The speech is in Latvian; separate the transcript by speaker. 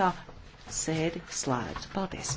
Speaker 1: tā sēdi slēdzu. Paldies!